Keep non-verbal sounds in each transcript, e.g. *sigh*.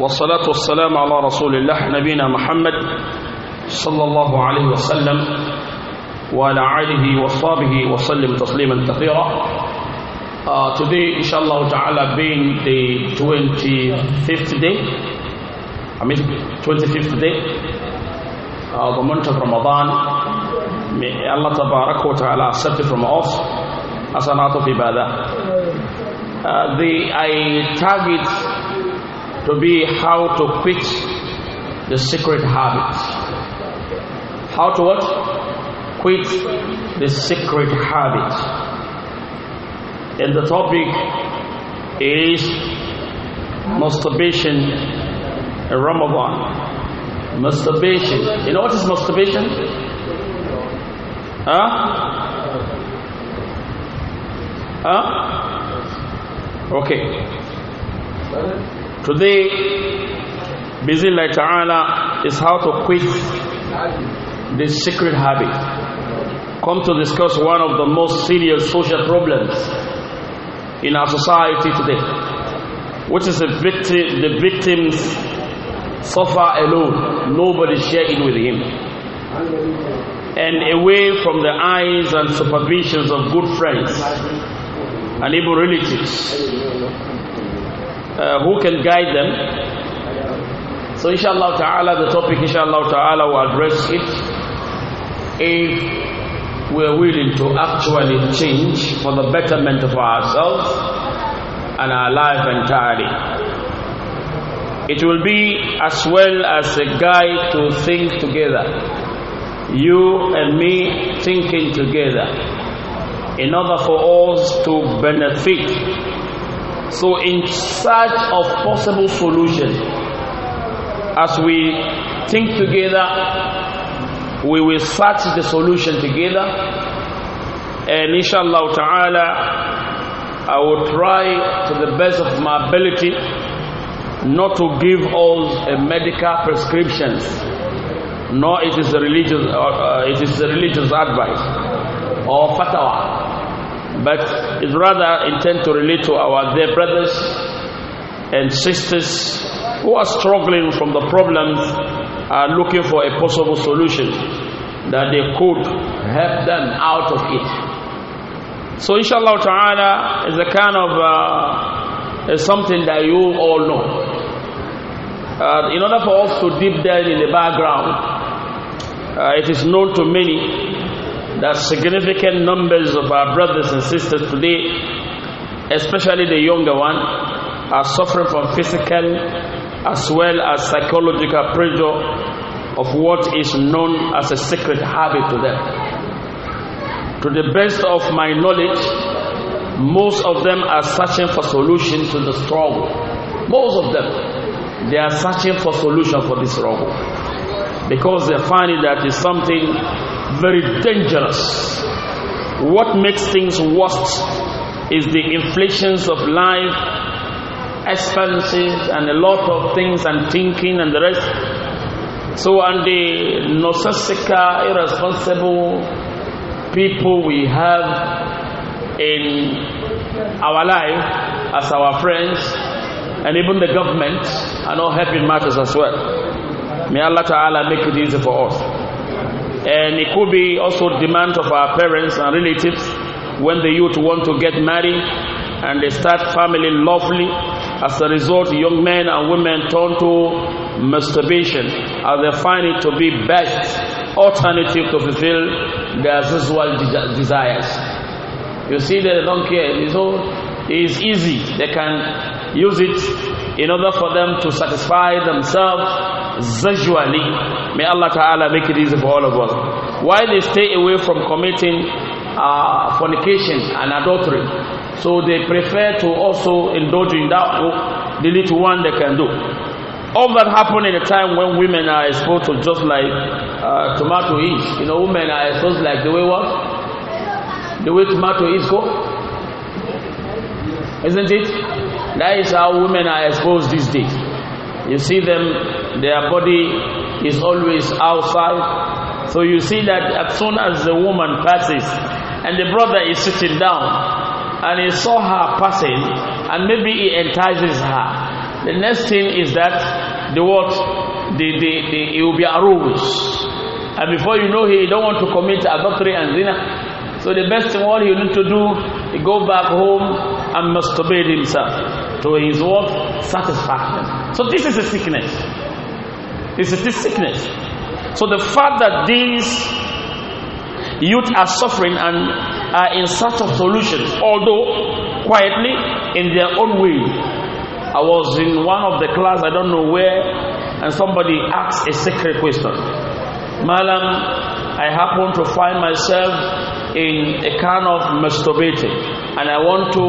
والصلاة والسلام على رسول الله نبينا محمد صلى الله عليه وسلم وعلى آله وصحبه وسلم تسليما كثيرا Uh, today, inshallah ta'ala, being the 25th day, I mean, 25th day of uh, the month of Ramadan, may Allah tabarak wa ta'ala accept it from us as an act of ibadah. Uh, the, I target to be how to quit the secret habit. How to what? Quit the secret habit. And the topic is masturbation in Ramadan. Masturbation. You know what is masturbation? Huh? Huh? Okay. Today, Bismillah Ta'ala is how to quit this secret habit. Come to discuss one of the most serious social problems in our society today, which is the, victim, the victims suffer alone, nobody sharing with him. And away from the eyes and supervisions of good friends and even relatives uh, who can guide them. So inshallah ta'ala, the topic inshallah ta'ala will address it if we're willing to actually change for the betterment of ourselves and our life entirely. It will be as well as a guide to think together you and me thinking together in order for us to benefit so, in search of possible solutions, as we think together, we will search the solution together. And inshallah ta'ala, I will try to the best of my ability not to give us a medical prescriptions, nor it is a religious, uh, uh it is a religious advice or fatwa but it's rather intend to relate to our dear brothers and sisters who are struggling from the problems are looking for a possible solution that they could help them out of it. So inshallah ta'ala is a kind of uh, something that you all know. Uh, in order for us to deep down in the background, uh, it is known to many that significant numbers of our brothers and sisters today, especially the younger one, are suffering from physical as well as psychological pressure of what is known as a secret habit to them. To the best of my knowledge, most of them are searching for solution to the struggle. Most of them, they are searching for solution for this struggle because they find it that is something very dangerous. What makes things worse is the inflations of life, expenses, and a lot of things and thinking and the rest. So, and the nonsensical, irresponsible people we have in our life as our friends and even the government are not helping matters as well. May Allah Ta'ala make it easy for us. And it could be also demand of our parents and relatives when the youth want to get married and they start family lawfully. As a result, young men and women turn to masturbation as they find it to be best alternative to fulfill their sexual desires. You see, they don't care. So it is easy. They can use it in order for them to satisfy themselves zajwali. May Allah Ta'ala make it easy for all of us. Why they stay away from committing uh, fornication and adultery. So they prefer to also indulge in that the little one they can do. All that happened in a time when women are exposed to just like uh, tomato is. You know, women are exposed like the way what? The way tomato is go. Isn't it? That is how women are exposed these days. You see them, their body is always outside. So you see that as soon as the woman passes and the brother is sitting down and he saw her passing and maybe he entices her. The next thing is that the what? The, the, the, it will be aroused. And before you know he don't want to commit adultery and zina. So the best thing all he need to do, he go back home and masturbate himself to his what? Satisfaction. So this is a sickness. This is a sickness. So the fact that these youth are suffering and are in search of solutions, although quietly in their own way. I was in one of the class, I don't know where, and somebody asked a secret question. Malam, I happen to find myself in a kind of masturbating and I want to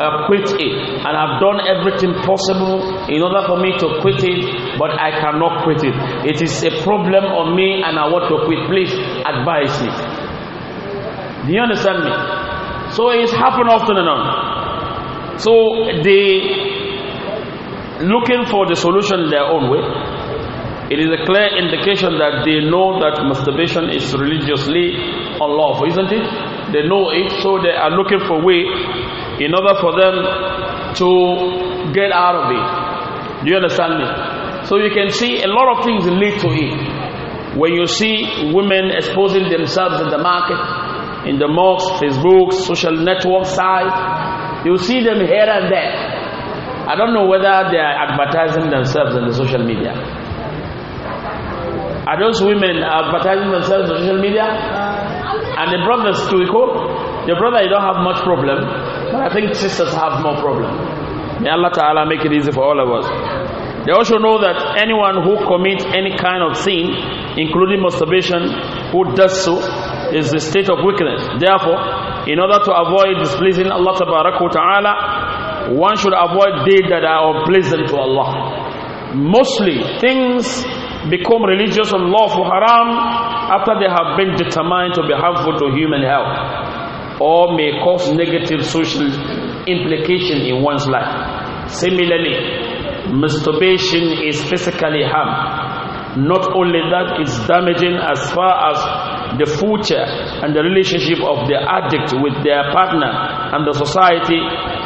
uh, quit it and I've done everything possible in order for me to quit it but I cannot quit it it is a problem on me and I want to quit please advise me do you understand me so it's happened often enough. so they looking for the solution their own way it is a clear indication that they know that masturbation is religiously unlawful, isn't it? They know it, so they are looking for a way in order for them to get out of it. Do you understand me? So you can see a lot of things lead to it. When you see women exposing themselves in the market, in the mosques, Facebook, social network sites, you see them here and there. I don't know whether they are advertising themselves on the social media. Are those women advertising themselves on social media? And the brothers too echo Your brother, you don't have much problem. But I think sisters have more problem. May Allah Ta'ala make it easy for all of us. They also know that anyone who commits any kind of sin, including masturbation, who does so, is the state of weakness. Therefore, in order to avoid displeasing Allah Ta'ala, one should avoid deeds that are unpleasant to Allah. Mostly things become religious on lawful haram after they have been determined to be harmful to human health or may cause negative social implication in one's life. Similarly, masturbation is physically harm. Not only that, it's damaging as far as the future and the relationship of the addict with their partner and the society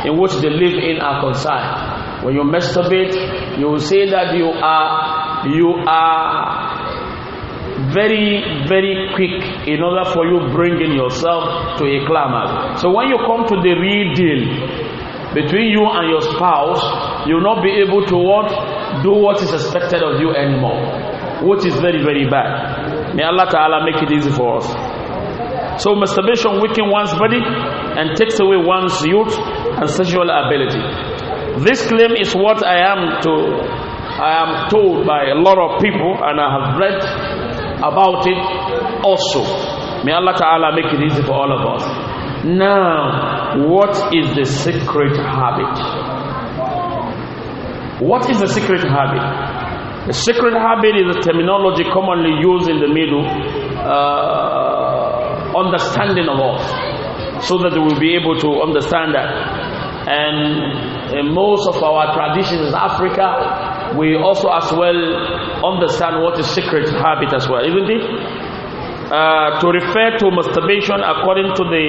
in which they live in are concerned. When you masturbate, you will say that you are you are very, very quick in order for you bringing yourself to a climax. So when you come to the real deal, between you and your spouse, you'll not be able to what? Do what is expected of you anymore. Which is very, very bad. May Allah Ta'ala make it easy for us. So masturbation weakens one's body and takes away one's youth and sexual ability. This claim is what I am to I am told by a lot of people, and I have read about it also. May Allah Ta'ala make it easy for all of us. Now, what is the secret habit? What is the secret habit? The secret habit is a terminology commonly used in the middle uh, understanding of us, so that we will be able to understand that. And uh, most of our traditions in Africa we also as well understand what is secret habit as well, isn't it? Uh, to refer to masturbation according to the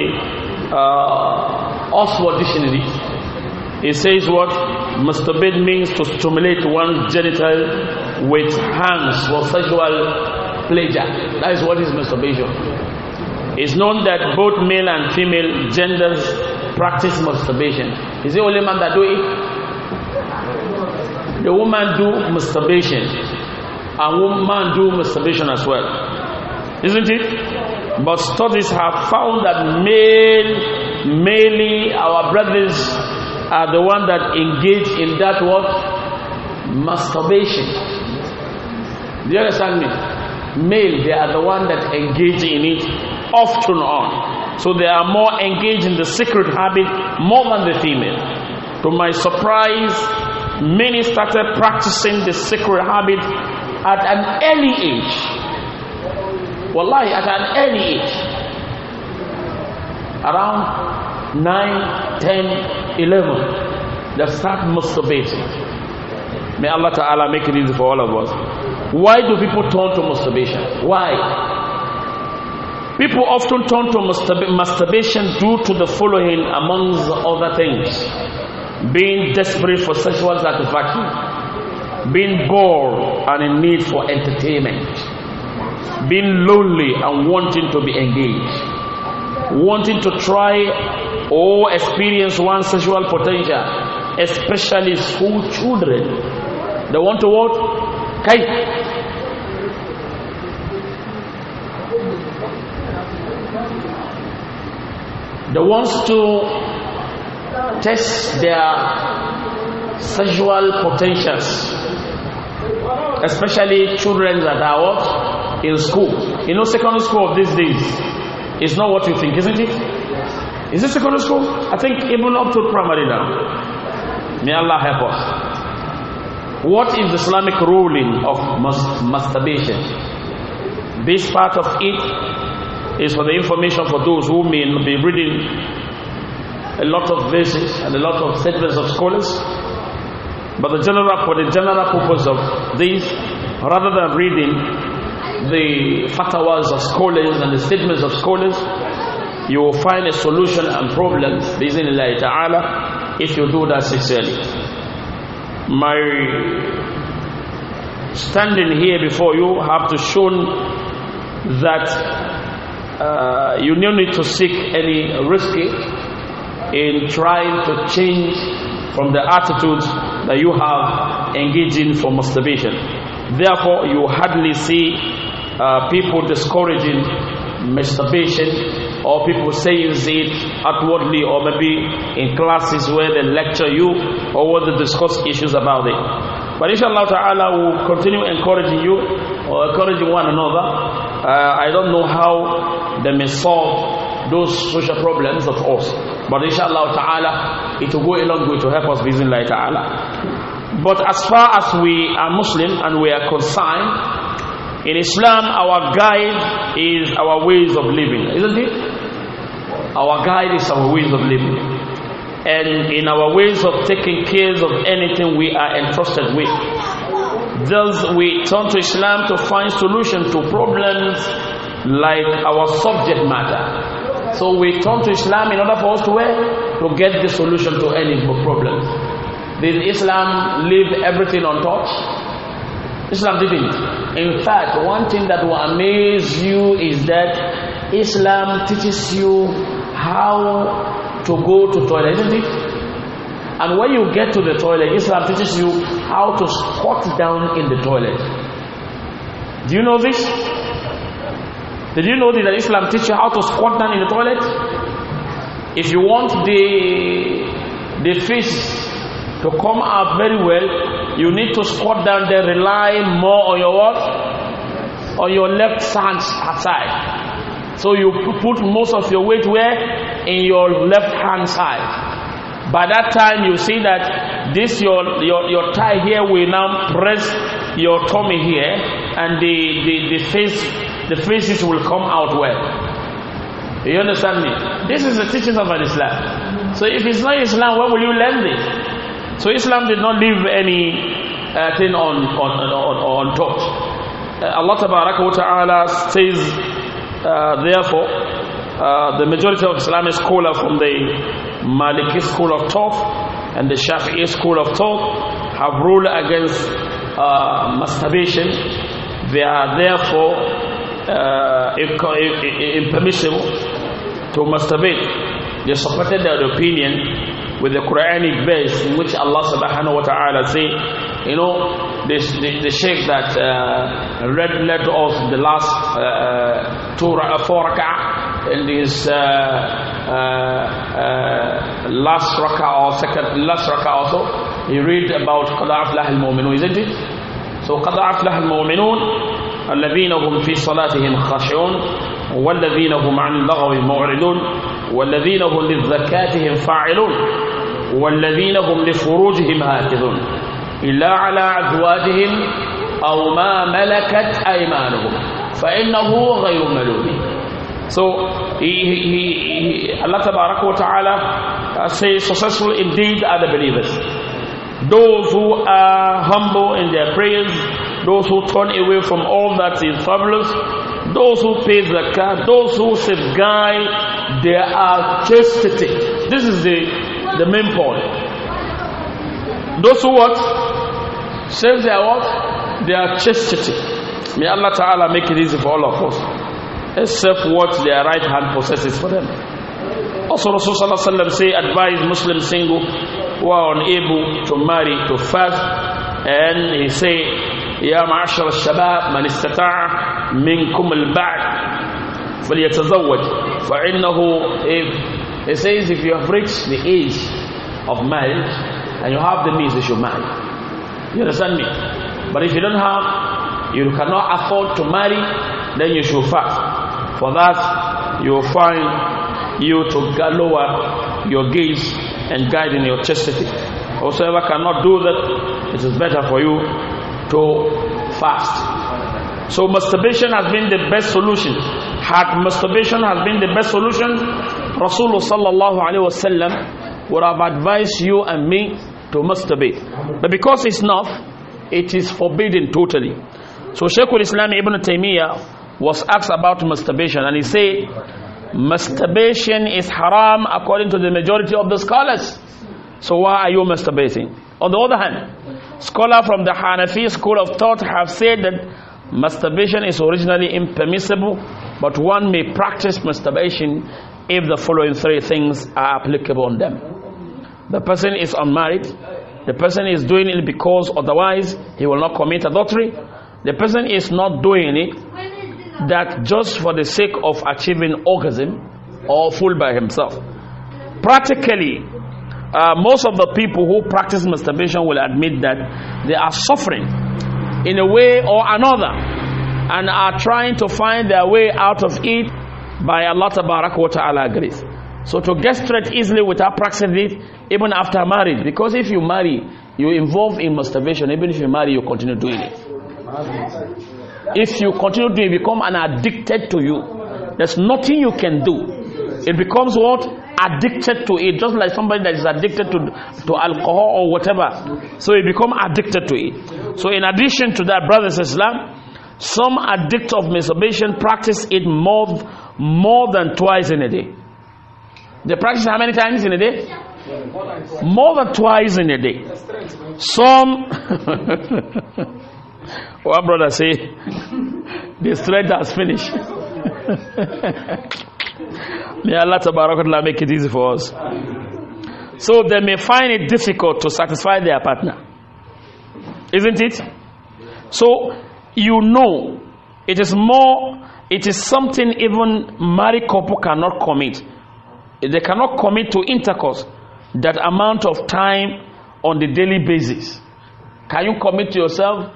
uh, Oxford Dictionary, it says what? Masturbate means to stimulate one's genital with hands for sexual pleasure. That is what is masturbation. It's known that both male and female genders practice masturbation. Is it only man that do it? The woman do masturbation. And woman do masturbation as well. Isn't it? But studies have found that male, mainly our brothers are the one that engage in that what? Masturbation. Do you understand me? Male, they are the one that engage in it often on. So they are more engaged in the secret habit more than the female. To my surprise, Many started practicing the sacred habit at an early age. Wallahi, at an early age. Around 9, 10, 11, they start masturbating. May Allah Ta'ala make it easy for all of us. Why do people turn to masturbation? Why? People often turn to masturbation due to the following, amongst other things being desperate for sexual satisfaction, being bored and in need for entertainment, being lonely and wanting to be engaged, wanting to try or experience one's sexual potential, especially school children. They want to what? Kite. They want to test their sexual potentials, especially children that are what? in school. You know, secondary school of these days is not what you think, isn't it? Is it secondary school? I think even up to primary now. May Allah help us. What is Islamic ruling of mas masturbation? This part of it is for the information for those who may be reading a lot of verses and a lot of statements of scholars. But the general, for the general purpose of this, rather than reading the fatwas of scholars and the statements of scholars, you will find a solution and problems, bismillah ta'ala, if you do that sincerely. My standing here before you have to show that uh, you don't need to seek any risky in trying to change from the attitude that you have engaging for masturbation. Therefore, you hardly see uh, people discouraging masturbation or people saying it outwardly or maybe in classes where they lecture you or where they discuss issues about it. But inshallah ta'ala will continue encouraging you or encouraging one another. Uh, I don't know how they may solve those social problems of us. But inshallah ta'ala, it will go a long way to help us like ta'ala. But as far as we are Muslim and we are concerned, in Islam our guide is our ways of living, isn't it? Our guide is our ways of living. And in our ways of taking care of anything we are entrusted with. Thus we turn to Islam to find solutions to problems like our subject matter so we turn to Islam in order for us to To get the solution to any problem. Did Islam leave everything untouched? Islam didn't. In fact, one thing that will amaze you is that Islam teaches you how to go to toilet, isn't it? And when you get to the toilet, Islam teaches you how to squat down in the toilet. Do you know this? Did you know that Islam teaches you how to squat down in the toilet? If you want the the fish to come out very well, you need to squat down there, rely more on your what? On your left hand side. So you put most of your weight where? In your left hand side. By that time you see that this your your, your thigh here will now press your tummy here and the, the, the face the faces will come out well. You understand me? This is the teachings of Islam. So if it's not Islam, where will you learn this? So Islam did not leave any uh, thing on on on, on top. Uh, Allah Ta'ala says, uh, therefore, uh, the majority of Islamic scholars from the Maliki school of thought and the Shafi'i school of thought have ruled against uh, masturbation. They are therefore uh, impermissible to masturbate. They supported their opinion with the Quranic verse in which Allah subhanahu wa ta'ala say, you know, this, the, the sheikh that uh, read, led off the last uh, uh two, uh, four rak'ah in his uh, uh, uh, last rak'ah or second, last rak'ah also, he read about Qadar Aflah al-Mu'minun, isn't it? So Qadar Aflah al-Mu'minun الذين هم في صلاتهم خاشعون والذين هم عن اللغو معرضون والذين هم لزكاتهم فاعلون والذين هم لفروجهم هاكذون إلا على أزواجهم أو ما ملكت أيمانهم فإنه غير ملوم So he, he, he, Allah wa Ta'ala says successful indeed are the believers. Those who are humble in their prayers those who turn away from all that is fabulous, those who pay the car, those who guy, they are chastity. This is the, the main point. Those who what? Save their what? are chastity. May Allah Ta'ala make it easy for all of us. Except what their right hand possesses for them. Also Rasulullah Sallallahu say advise Muslim single who are unable to marry to fast and he say يا معشر الشباب من استطاع منكم البعد فليتزوج فإنه if says if you have reached the age of marriage and you have the means you should marry you understand me but if you don't have you cannot afford to marry then you should fast for that you will find you to lower your gaze and guide in your chastity whosoever cannot do that it is better for you to fast. So masturbation has been the best solution. Had masturbation has been the best solution, Rasulullah sallallahu alaihi wasallam would have advised you and me to masturbate. But because it's not, it is forbidden totally. So Shaykhul Islam Ibn Taymiyyah was asked about masturbation and he said, masturbation is haram according to the majority of the scholars. So why are you masturbating? On the other hand, Scholars from the Hanafi school of thought have said that masturbation is originally impermissible, but one may practice masturbation if the following three things are applicable on them. The person is unmarried, the person is doing it because otherwise he will not commit adultery, the person is not doing it that just for the sake of achieving orgasm or full by himself. Practically, uh, most of the people who practice masturbation will admit that they are suffering in a way or another and are trying to find their way out of it by Allah wa ta'ala grace. So to get straight easily without practicing it even after marriage because if you marry you involve in masturbation even if you marry you continue doing it. If you continue doing it become an addicted to you. There's nothing you can do. It becomes what? addicted to it, just like somebody that is addicted to, to alcohol or whatever. So you become addicted to it. So, in addition to that, brothers and sisters, some addicts of masturbation practice it more, more than twice in a day. They practice how many times in a day? More than twice in a day. Some. One *laughs* brother say, *laughs* the strength has finished. *laughs* May Allah Ta'ala make it easy for us. So they may find it difficult to satisfy their partner. Isn't it? So you know it is more it is something even married couple cannot commit. They cannot commit to intercourse that amount of time on the daily basis. Can you commit yourself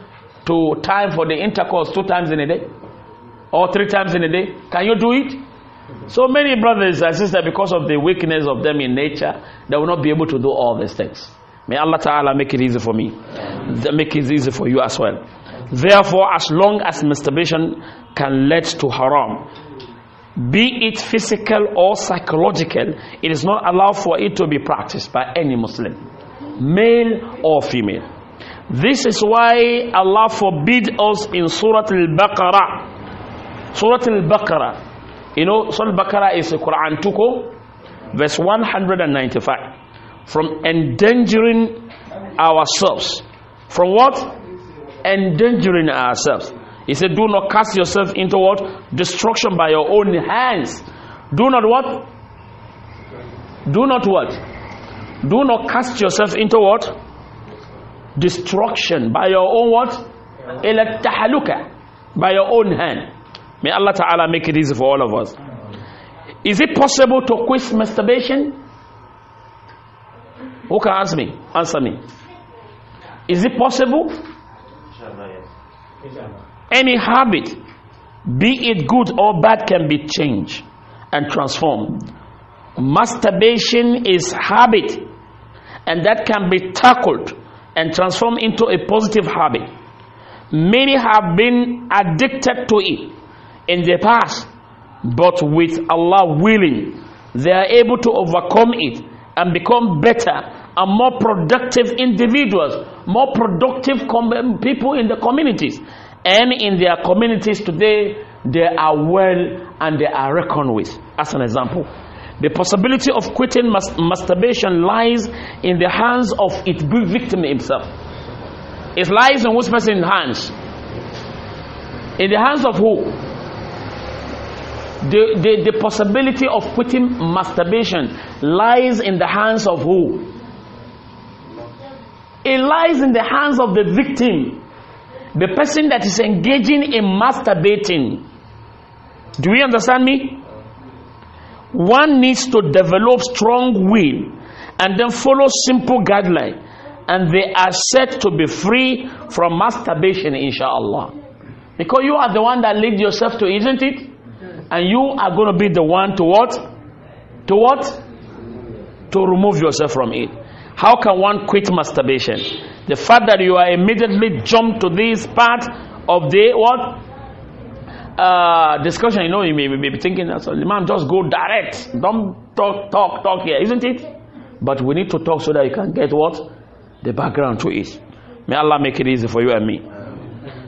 to time for the intercourse two times in a day? Or three times in a day? Can you do it? So many brothers and sisters, because of the weakness of them in nature, they will not be able to do all these things. May Allah Ta'ala make it easy for me. Make it easy for you as well. Therefore, as long as masturbation can lead to haram, be it physical or psychological, it is not allowed for it to be practiced by any Muslim, male or female. This is why Allah forbid us in Surah Al Baqarah. Surah Al Baqarah you know, Surah Baqarah is a Quran Tuko, verse 195. From endangering ourselves. From what? Endangering ourselves. He said, Do not cast yourself into what? Destruction by your own hands. Do not what? Do not what? Do not cast yourself into what? Destruction by your own what? By your own hand. May Allah Ta'ala make it easy for all of us. Is it possible to quit masturbation? Who can answer me? Answer me. Is it possible? Any habit, be it good or bad, can be changed and transformed. Masturbation is habit, and that can be tackled and transformed into a positive habit. Many have been addicted to it in the past, but with Allah willing, they are able to overcome it and become better and more productive individuals, more productive people in the communities. And in their communities today, they are well and they are reckoned with. As an example, the possibility of quitting mas masturbation lies in the hands of its victim himself. It lies in which person's hands? In the hands of who? The, the, the possibility of quitting masturbation lies in the hands of who? It lies in the hands of the victim, the person that is engaging in masturbating. Do we understand me? One needs to develop strong will and then follow simple guidelines, and they are set to be free from masturbation, inshallah. Because you are the one that lead yourself to, isn't it? And you are going to be the one to what? To what? To remove yourself from it. How can one quit masturbation? The fact that you are immediately jumped to this part of the what? Uh, discussion, you know, you may, may be thinking, so, man, just go direct. Don't talk, talk, talk here, isn't it? But we need to talk so that you can get what? The background to it. May Allah make it easy for you and me.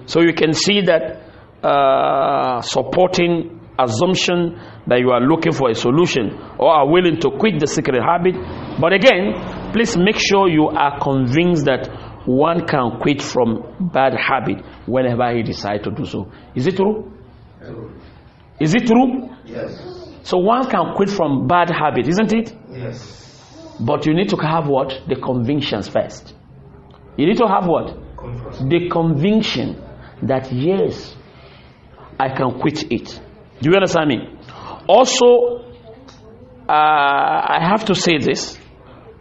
So you can see that uh, supporting assumption that you are looking for a solution or are willing to quit the secret habit. But again, please make sure you are convinced that one can quit from bad habit whenever he decides to do so. Is it true? Is it true? Yes. So one can quit from bad habit, isn't it? Yes. But you need to have what? The convictions first. You need to have what? Conviction. The conviction that yes, I can quit it. Do you understand me? Also, uh, I have to say this,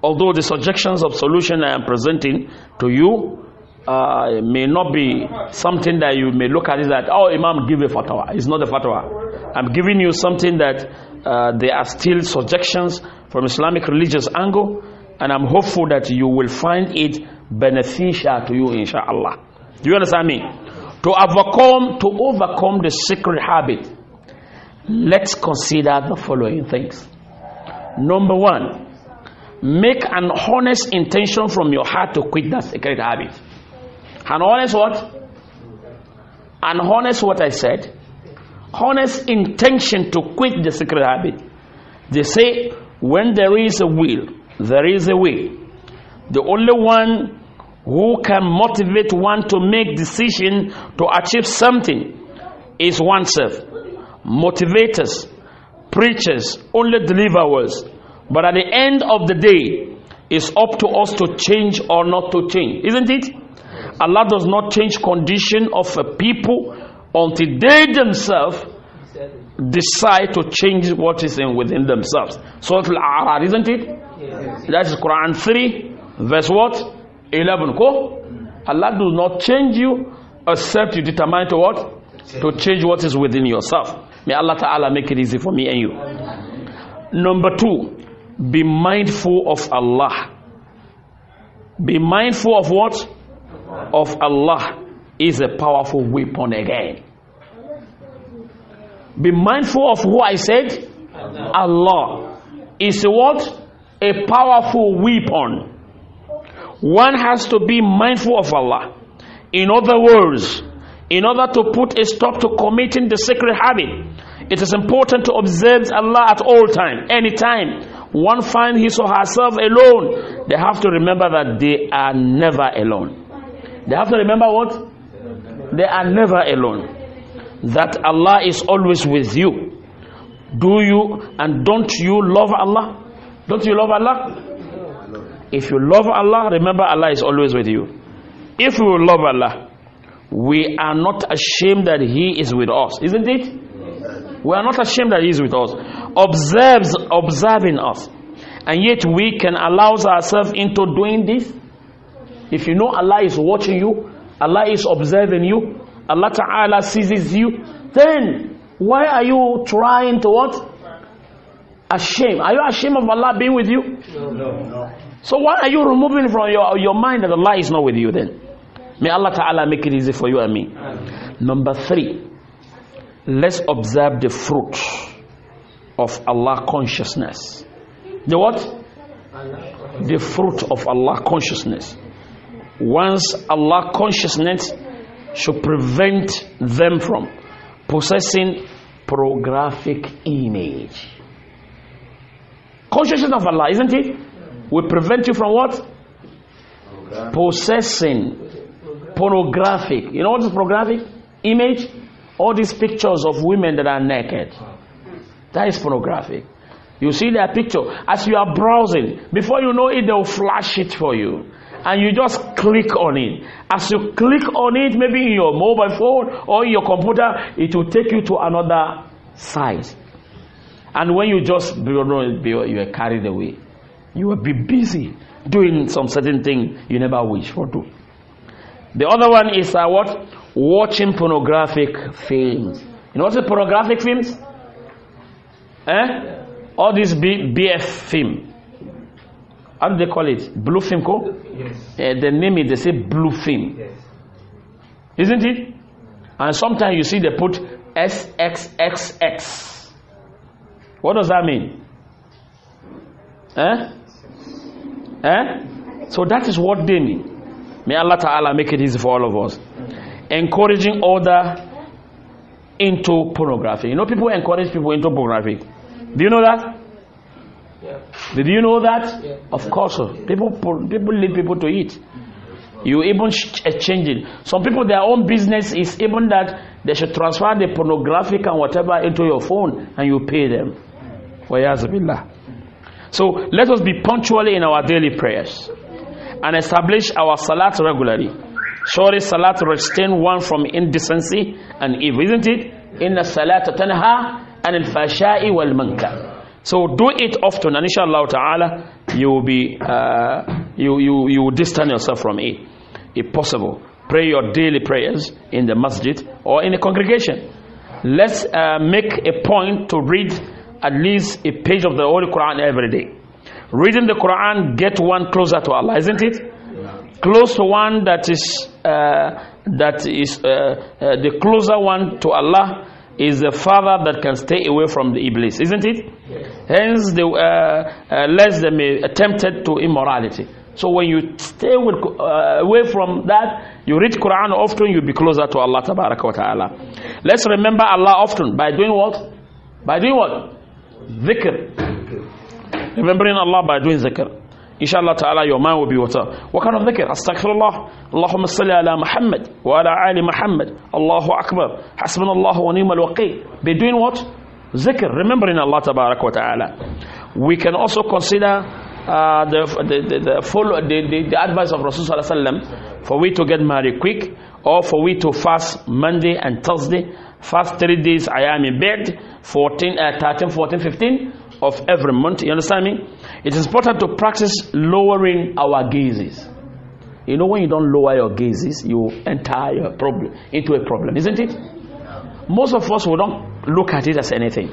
although the suggestions of solution I am presenting to you uh, may not be something that you may look at it that, oh, Imam, give a fatwa. It's not a fatwa. I'm giving you something that uh, there are still suggestions from Islamic religious angle, and I'm hopeful that you will find it beneficial to you, inshallah. Do you understand me? To overcome, to overcome the secret habit Let's consider the following things. Number one, make an honest intention from your heart to quit that secret habit. An honest what? An honest what I said. Honest intention to quit the secret habit. They say when there is a will, there is a way. The only one who can motivate one to make decision to achieve something is oneself motivators, preachers, only deliverers. But at the end of the day, it's up to us to change or not to change, isn't it? Allah does not change condition of a people until they themselves decide to change what is in within themselves. So it's Allah, isn't it? That isn't it? Yes. That is Quran 3, verse what? 11. Go. Allah does not change you except you determine to what? To change what is within yourself. May Allah Ta'ala make it easy for me and you. Number two, be mindful of Allah. Be mindful of what? Of Allah is a powerful weapon again. Be mindful of who I said? Allah is what? A powerful weapon. One has to be mindful of Allah. In other words, in order to put a stop to committing the sacred habit, it is important to observe Allah at all times. any time one finds his or herself alone, they have to remember that they are never alone. They have to remember what? They are never alone. That Allah is always with you. Do you and don't you love Allah? Don't you love Allah? If you love Allah, remember Allah is always with you. If you love Allah, we are not ashamed that he is with us, isn't it? We are not ashamed that he is with us. Observes observing us. And yet we can allow ourselves into doing this. If you know Allah is watching you, Allah is observing you, Allah Ta'ala seizes you, then why are you trying to what? Ashamed. Are you ashamed of Allah being with you? No. no. So why are you removing from your, your mind that Allah is not with you then? May Allah Ta'ala make it easy for you and me. Number three, let's observe the fruit of Allah consciousness. The what? The fruit of Allah consciousness. Once Allah consciousness should prevent them from possessing pornographic image. Consciousness of Allah, isn't it? Will prevent you from what? Possessing pornographic. You know what is pornographic? Image? All these pictures of women that are naked. That is pornographic. You see their picture. As you are browsing, before you know it, they'll flash it for you. And you just click on it. As you click on it, maybe in your mobile phone or in your computer, it will take you to another site. And when you just you know, you are carried away, you will be busy doing some certain thing you never wish for to. The other one is uh, what? Watching pornographic films. You know what's pornographic films? Eh? All this B- BF film. How do they call it? Blue film co? Yes. Uh, they name it, they say blue film. Yes. Isn't it? And sometimes you see they put SXXX. What does that mean? Eh? Eh? So that is what they mean. May Allah Ta'ala make it easy for all of us. Encouraging order into pornography. You know, people encourage people into pornography. Do you know that? Yeah. Did you know that? Yeah. Of course. People people lead people to eat. You even change it. Some people, their own business is even that they should transfer the pornographic and whatever into your phone and you pay them. For Yazabillah. So let us be punctual in our daily prayers and establish our salat regularly. Surely salat restrain one from indecency and evil, isn't it? Inna salat tanha anil fashai wal munkar. So do it often, and inshallah ta'ala, you will be, uh, you, you, you will distance yourself from it, if possible. Pray your daily prayers in the masjid or in the congregation. Let's uh, make a point to read at least a page of the Holy Quran every day. Reading the Quran get one closer to Allah, isn't it? Close to one that is uh, that is uh, uh, the closer one to Allah is the father that can stay away from the iblis, isn't it? Yes. Hence, the uh, uh, less they may tempted to immorality. So when you stay with, uh, away from that, you read Quran often, you be closer to Allah Taala. Let's remember Allah often by doing what? By doing what? Dhikr remembering Allah by doing zikr inshallah ta'ala your mind will be water what kind of dhikr astaghfirullah Allahumma salli ala Muhammad wa ala ali Muhammad Allahu Akbar hasbunallahu wa ni'mal waqi be doing what zikr remembering Allah tabarak wa ta'ala we can also consider uh, the, the, the, the, follow, the, the, the advice of Rasulullah for we to get married quick or for we to fast Monday and Thursday fast three days I am in bed 14, uh, 13, 14, 15 of every month. You understand me? It is important to practice lowering our gazes. You know, when you don't lower your gazes, you enter your problem, into a problem, isn't it? Most of us will not look at it as anything.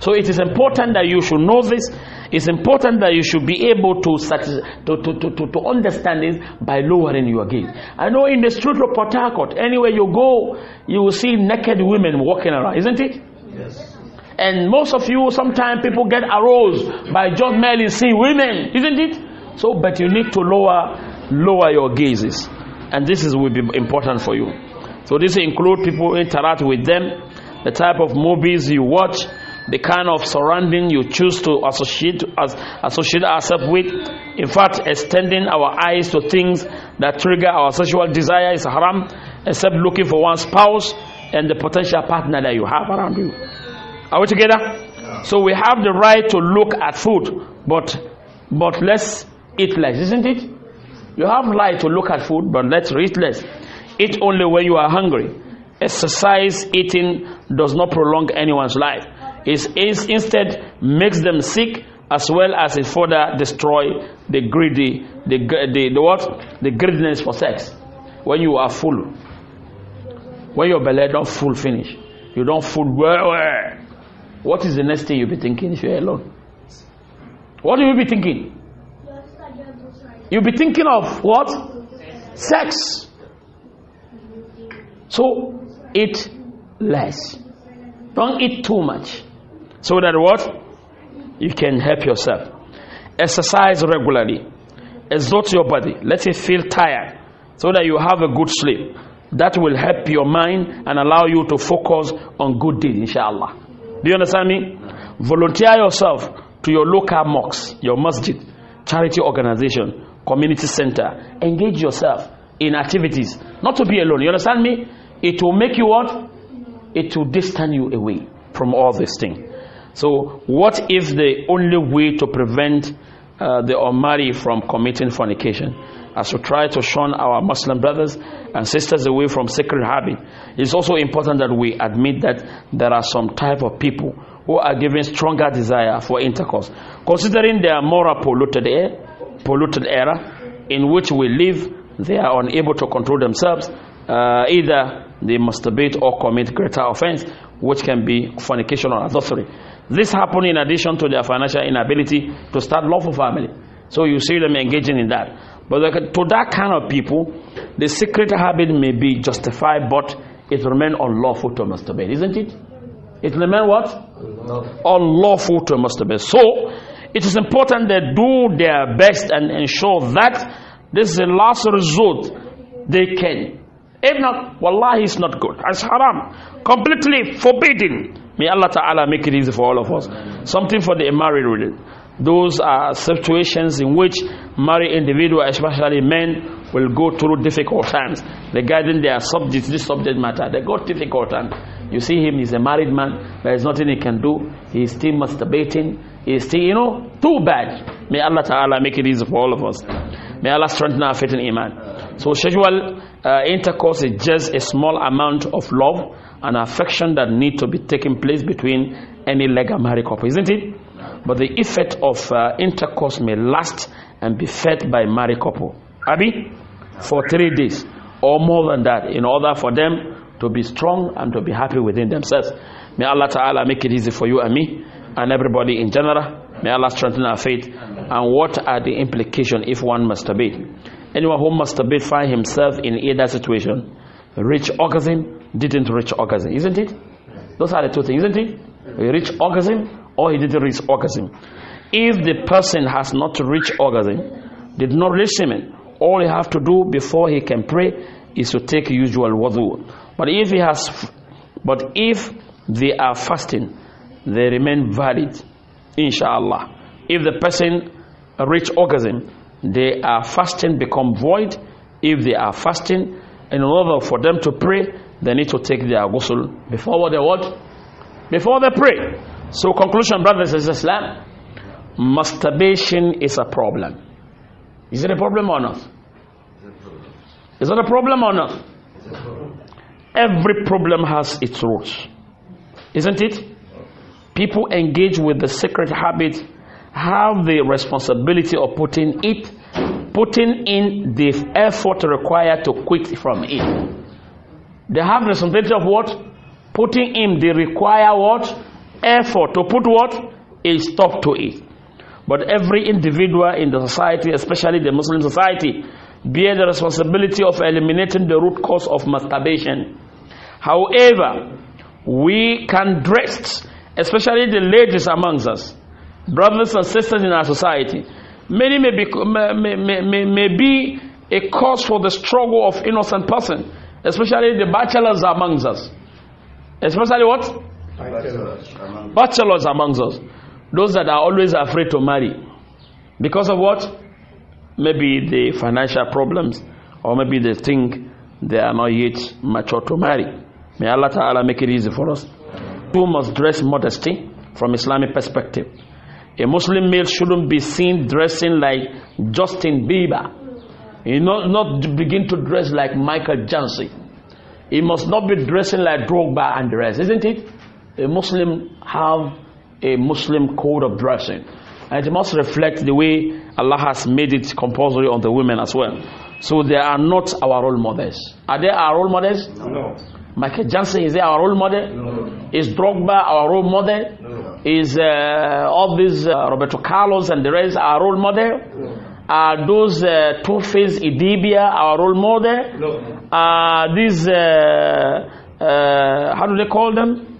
So it is important that you should know this. It's important that you should be able to to, to, to, to understand this by lowering your gaze. I know in the street of Port Harcourt, anywhere you go, you will see naked women walking around, isn't it? Yes. And most of you, sometimes people get aroused by just merely seeing women, isn't it? So, but you need to lower, lower your gazes, and this is will be important for you. So, this include people interact with them, the type of movies you watch, the kind of surrounding you choose to associate as, associate ourselves with. In fact, extending our eyes to things that trigger our sexual desire is haram, except looking for one spouse and the potential partner that you have around you. Are we together? So we have the right to look at food, but but let's eat less, isn't it? You have right to look at food, but let's eat less. Eat only when you are hungry. Exercise eating does not prolong anyone's life. It instead makes them sick as well as it further destroy the greedy, the, the, the what? The greediness for sex. When you are full, when your belly don't full finish, you don't full. well, well what is the next thing you'll be thinking if you're alone? What will you be thinking? You'll be thinking of what? Sex. So eat less. Don't eat too much. So that what? You can help yourself. Exercise regularly. Exert your body. Let it feel tired. So that you have a good sleep. That will help your mind and allow you to focus on good deeds, inshallah. Do you understand me? Volunteer yourself to your local mosque, your masjid, charity organization, community center. Engage yourself in activities, not to be alone. You understand me? It will make you what? It will distance you away from all this thing. So, what is the only way to prevent uh, the unmarried from committing fornication? as we try to shun our Muslim brothers and sisters away from sacred habit, it's also important that we admit that there are some type of people who are given stronger desire for intercourse. Considering their moral polluted, air, polluted era in which we live, they are unable to control themselves. Uh, either they masturbate or commit greater offense, which can be fornication or adultery. This happened in addition to their financial inability to start lawful family. So you see them engaging in that. But to that kind of people, the secret habit may be justified, but it remains unlawful to masturbate, isn't it? It remains what? Unlawful. to masturbate. So, it is important they do their best and ensure that this is the last resort they can. If not, wallahi, it's not good. It's haram. Completely forbidden. May Allah Ta'ala make it easy for all of us. Something for the married really. Those are situations in which married individuals, especially men, will go through difficult times regarding their subject, this subject matter. They go difficult times. You see him, he's a married man. There is nothing he can do. He's still masturbating. He's still, you know, too bad. May Allah Ta'ala make it easy for all of us. May Allah strengthen our faith in iman. So sexual uh, intercourse is just a small amount of love and affection that need to be taking place between any legal married couple, isn't it? but the effect of uh, intercourse may last and be felt by married couple. Abi, for three days or more than that, in order for them to be strong and to be happy within themselves. May Allah Ta'ala make it easy for you and me and everybody in general. May Allah strengthen our faith. And what are the implications if one masturbate? Anyone who masturbate find himself in either situation. Rich orgasm, didn't reach orgasm, isn't it? Those are the two things, isn't it? Rich orgasm or he didn't reach orgasm. If the person has not reached orgasm, did not reach semen, all he have to do before he can pray is to take usual wudu. But if he has, but if they are fasting, they remain valid, inshallah. If the person reach orgasm, they are fasting become void. If they are fasting, in order for them to pray, they need to take their ghusl before they what? Before they pray. So, conclusion, brothers and sisters, Islam, masturbation is a problem. Is it a problem or not? Is it a problem or not? Every problem has its roots, isn't it? People engage with the sacred habit have the responsibility of putting it, putting in the effort required to quit from it. They have the responsibility of what? Putting in the require what? effort to put what? A stop to it. But every individual in the society, especially the Muslim society, bear the responsibility of eliminating the root cause of masturbation. However, we can dress, especially the ladies amongst us, brothers and sisters in our society. Many may be, may, may, may be a cause for the struggle of innocent person, especially the bachelors amongst us. Especially what? Bachelors, Bachelors amongst us. Those that are always afraid to marry. Because of what? Maybe the financial problems, or maybe they think they are not yet mature to marry. May Allah Ta'ala make it easy for us. Who must dress modesty from Islamic perspective. A Muslim male shouldn't be seen dressing like Justin Bieber. He not, not begin to dress like Michael Johnson. He must not be dressing like Drogba and the rest, isn't it? a Muslim have a Muslim code of dressing. And it must reflect the way Allah has made it compulsory on the women as well. So they are not our role models. Are they our role models? No. Michael Johnson, is our role model? No. Is Drogba our role model? No. Is uh, all these uh, Roberto Carlos and the rest our role model? No. Are those uh, Two-Face Idibia our role model? No. Are these, uh, uh how do they call them?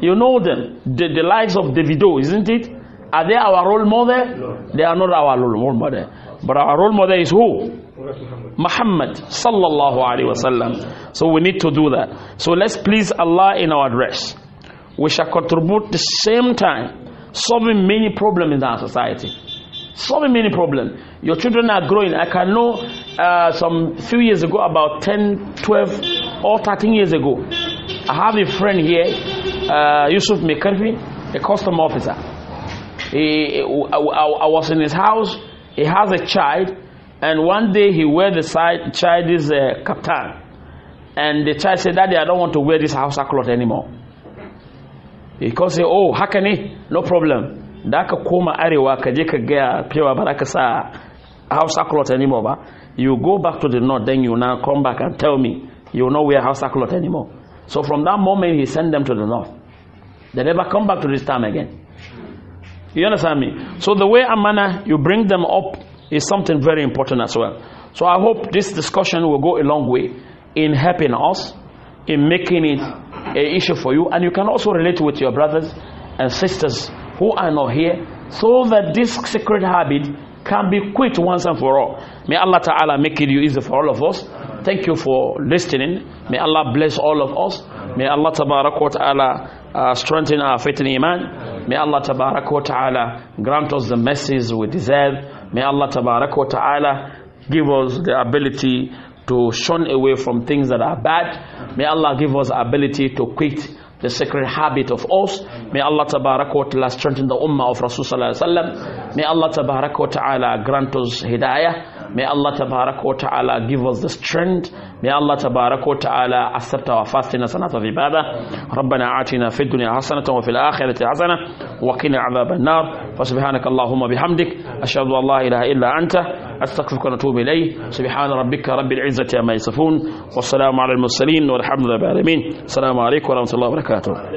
You know them. The, the likes of Davido, isn't it? Are they our role model? No. They are not our role model. But our role model is who? Muhammad sallallahu alaihi wasallam. So we need to do that. So let's please Allah in our dress. We shall contribute the same time solving many problems in our society. Solving many problems. Your children are growing. I can know uh, some few years ago, about 10, 12, or 13 years ago, I have a friend here, uh, Yusuf Mekarfi, a custom officer. He, I, I, was in his house. He has a child, and one day he wear the side, child is uh, a captain, and the child said, "Daddy, I don't want to wear this house cloth anymore." He called say, "Oh, can he? No problem. Da ka koma arewa ka je house cloth anymore ba. You go back to the north, then you now come back and tell me you know wear house cloth anymore." So from that moment, he sent them to the north. They never come back to this time again. You understand me? So the way Amana, you bring them up is something very important as well. So I hope this discussion will go a long way in helping us, in making it an issue for you. And you can also relate with your brothers and sisters who are not here so that this secret habit can be quit once and for all. May Allah Ta'ala make it easy for all of us. Thank you for listening. May Allah bless all of us. May Allah tabarak wa ta'ala uh, strengthen our faith in iman. May Allah tabarak wa ta'ala grant us the mercies we deserve. May Allah tabarak wa ta'ala give us the ability to shun away from things that are bad. May Allah give us ability to quit the sacred habit of us. May Allah tabarak wa ta'ala strengthen the ummah of Rasulullah May Allah tabarak wa ta'ala grant us hidayah. May Allah Tabarak wa Ta'ala give us the strength. May Allah Tabarak wa Ta'ala accept our fasting as another ibadah. ربنا آتنا في الدنيا حسنة وفي الآخرة حسنة وقنا عذاب النار فسبحانك اللهم بحمدك أشهد أن لا إله إلا أنت أستغفرك ونتوب إليه سبحان ربك رب العزة عما يصفون والسلام على المرسلين والحمد لله العالمين السلام عليكم ورحمة الله وبركاته